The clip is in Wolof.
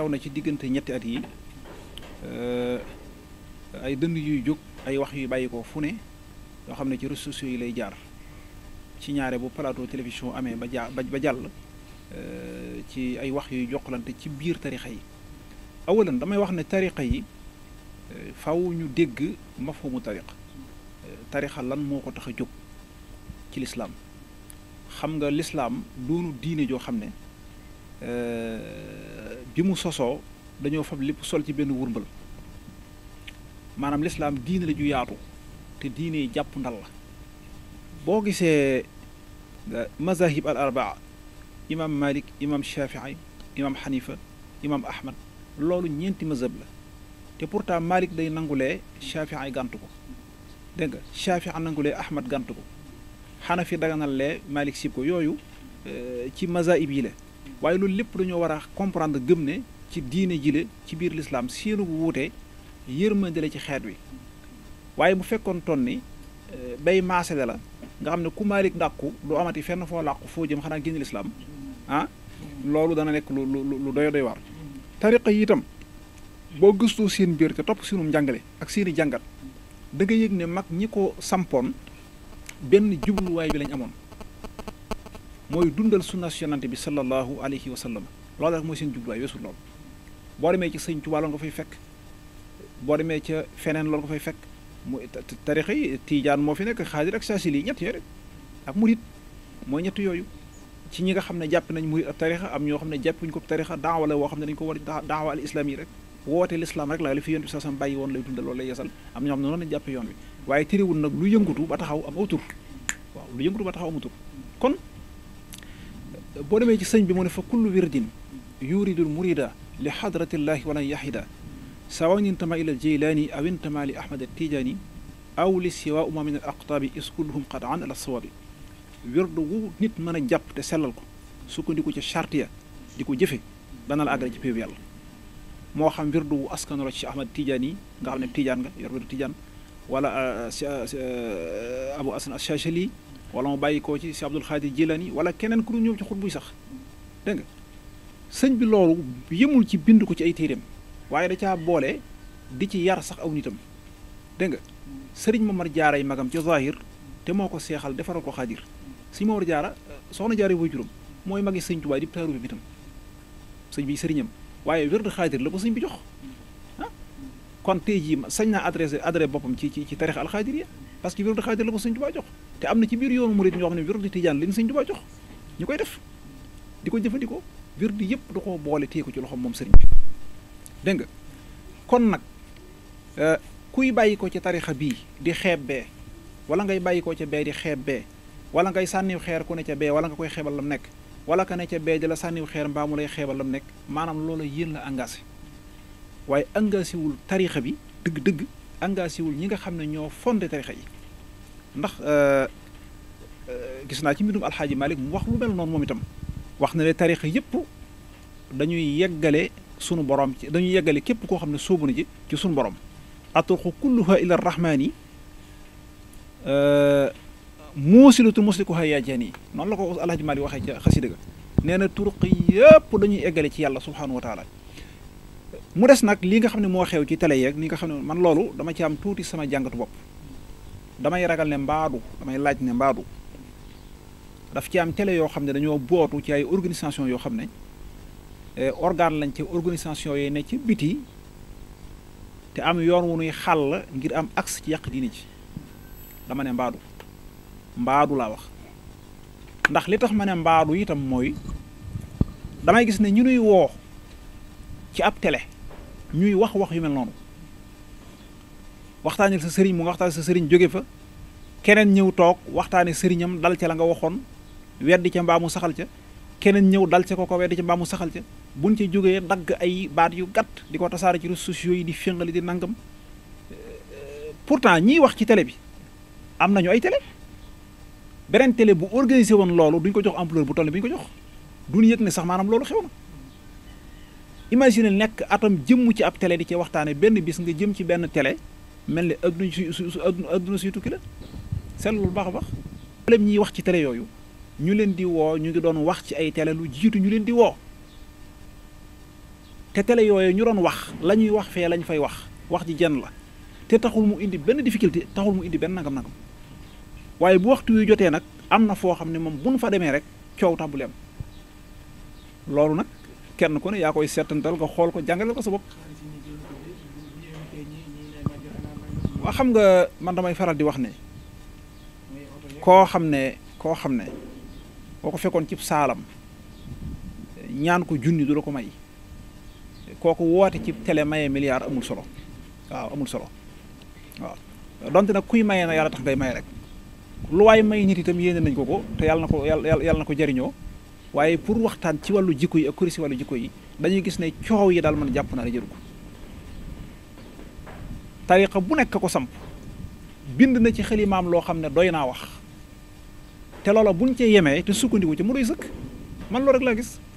xew na ci diggante ñetti at yi euh, ay dënd yuy jóg ay wax yuy bàyyi ko fu ne yoo xam ne ci réseaux sociaux yi lay jaar ci ñaare bu plateau télévision amee ba ja ba jàll euh, ci ay wax yuy joxlante ci biir tarixa yi awalan damay wax ne tarixa yi euh, faw ñu dégg mafhumu tariq tarixa lan moo ko tax a jóg ci lislaam xam nga lislaam doonu diine joo xam ne bi mu sosoo dañoo fab lépp sol ci benn wurmbal maanaam lislaam diine la ju yaatu te diine jàpp ndal la boo gisee eh, mazahib al arbaa imam malik imam shafii imam xanifa imam ahmad loolu ñeenti mazhab la te pourtant malik day nangulee shafii gàntu ko dégg nga shafii nangulee ahmad gàntu ko xanafi daganal lee malik sib ko yooyu eh, ci mazahib yi la waaye loolu lépp dañoo war a comprendre gëm ne ci diine jile ci biir lislaam seenu bu wuute yërmande la ci xeet wi waaye bu fekkoon ton ni eh, bay maase la nga xam ne ku maalik ndàkku du amati fenn foo làqu foo jëm xanaa génn lislaam ah, loolu dana nekk lu lu lu doy war tariqa yi itam boo gëstoo seen biir te topp seenum njàngale ak seeni jàngat da nga yëg ne mag ñi ko sampoon benn jubluwaay bi lañ amoon mooy dundal sunna su yonante bi sallallahu alayhi wa sallam loolu rek mooy seen jubluwaay weesu lool boo demee ci sëñ Tuubaa loolu nga fay fekk boo demee ca feneen loolu nga fay fekk mu tarixa yi tiijaan moo fi nekk xaadir ak saasili ñett yooyu rek ak murit mooy ñett yooyu ci ñi nga xam ne jàpp nañ muy ab tarixa am ñoo xam ne jàppuñ ko tarixa daawa woo xam ne dañ ko war daawa al islam yi rek woote l'islam rek la li fi yonent bi woon lay dundal loolu lay yeesal am ñoo xam yoon wi waaye téréwul nag lu yëngatu ba taxaw am autour waaw lu yëngatu ba taxaw am autour kon boo demee ci sëñ bi mu ne fa kullu wirdin yuridul murida li xadratillahi walan yaxida sawan intama ila aljilani aw intama li ahmad attijaani aw li siwa uma min al aqtaabi iskulluhum qataan ala sawaabi wirdu wu nit mën a jàpp te sellal ko sukkandiku ca charte ya di ko jëfe dana la àggale ci péebu yàlla moo xam wirdu wu askano la ci ahmad yi nga xam ne tijaan nga yor wirdu tijaan wala ah, ah, ah, abu asan ashashali wala mu bàyyi koo ci si Abdul Xaadir Jilani wala keneen ku ñëw ci xut buy sax dégg sëñ bi loolu yemul ci bind ko ci ay téeréem waaye da caa boole di ci yar sax aw nitam dégg nga sëriñ Mamar Jaara ay magam ci Zahir te moo ko seexal defaral ko Xaadir sëñ Mamar Jaara soxna Jaara way juróom mooy magi sëñ Tuubaa di taaru bi itam sëñ bi sëriñam waaye wér de Xaadir la ko sëñ bi jox ah? kon tey jii sañ naa adressé adresse boppam ci ci ci tarix alxaadiriya parce que wirdu xaadir la ko sëñ Tuubaa jox te am na ci biir yoonu murit ñoo xam ne wirdu tijaan lañ sëñ Tuubaa jox ñu koy def di ko jëfandikoo wirdu yëpp da koo boole téye ko ci loxoom moom sëriñ bi dégg kon nag euh, kuy bàyyi ko ci tarixa bii di xeeb bee wala ngay bàyyi ko ca bee di xeeb bee wala ngay sànniw xeer ku ne ca bee wala nga koy xeebal lam nekk wala ka ne ca bee di la sànniw xeer mbaa mu lay xeebal lam nekk maanaam loola yéen la engagé waaye engagé wul tarixa bi dëgg-dëgg engagé wul ñi nga xam ne ñoo fonde tarixa yi ndax euh, euh, gis naa ci mbindum alxaaji Malik mu wax lu mel noonu moom itam wax na ne tarixa yëpp dañuy yeggale sunu borom ci dañuy yeggale képp koo xam ne sóobu na ji ci sunu borom atruqu kulluha ila rahmaani euh, muusilatu muslikuha yaa jaani noonu la ko alxaaji Malik waxee ca xasida ga nee na turuq yëpp dañuy eggale ci yàlla subhanahu wa mu des nag li nga xam ne moo xew ci télé yeeg li nga xam ne man loolu dama ci am tuuti sama jàngatu bopp damay ragal ne mbaadu damay laaj ne mbaadu daf ci am télé yoo xam ne dañoo bootu ci ay organisation yoo xam ne eh, organe lañ ci organisation yooyu ne ci biti te am yoon wu nuy xàll ngir am axe ci yàq diine ci dama ne mbaadu mbaadu laa wax ndax li tax ma ne mbaadu itam mooy damay gis ne ñu nuy woo ci ab télé ñuy wax wax yu mel noonu waxtaanil sa sëriñ mu nga waxtaan sa sëriñ jóge fa keneen ñëw toog waxtaane sëriñam dal ca la nga waxoon weddi ca mbaamu saxal ca keneen ñëw dal ca ko ko weddi ca mbaamu saxal ca buñ ca jógee dagg ay baat yu gàtt di ko tasaare ci réseaux sociaux yi di féngali di nangam euh, pourtant ñiy wax ci télé bi am nañu ay télé beneen télé bu organisé woon loolu duñ ko jox ampleur bu toll bi ko jox duñ yëg ne sax maanaam loolu xew na imagine nekk atam jëmm ci ab tele di ci waxtaane benn bis nga jëm ci benn tele mel ni adduna su su adduna suy tukki la seetlu lu baax baax problème ñiy wax ci télé yooyu ñu leen di woo ñu ngi doon wax ci ay tele lu jiitu ñu leen di woo te télé yooyu ñu doon wax la ñuy wax fee lañ fay wax wax ji jenn la te taxul mu indi benn difficulté taxul mu indi benn nangam nangam waaye bu waxtu yu jotee nag am na foo xam ne moom bu fa demee rek coow tax bu leem nag kenn ku ne yaa koy seetantal nga xool ko jàngaleel ko sa bopp waa xam nga man damay faral di wax ne koo xam ne koo xam ne boo ko fekkoon cib saalam ñaan ko junni du la ko may kooku woote ci télé maye milliard amul solo waaw amul solo waaw donte nag kuy maye na yàlla tax ngay maye rek lu waay may nit tam yéene nañ ko ko te yàlla na ko yàlla yàlla na ko jariñoo waaye pour waxtaan ci wàllu jikko yi ak kuréel si wàllu jikko yi dañuy gis ne coow yi daal mën jàpp naa la jëru ko bu nekk ko samp bind na ci xalimaam loo xam ne doy naa wax te loola buñ cee yemee te sukkandiku ci mu doy sëkk man loolu rek laa gis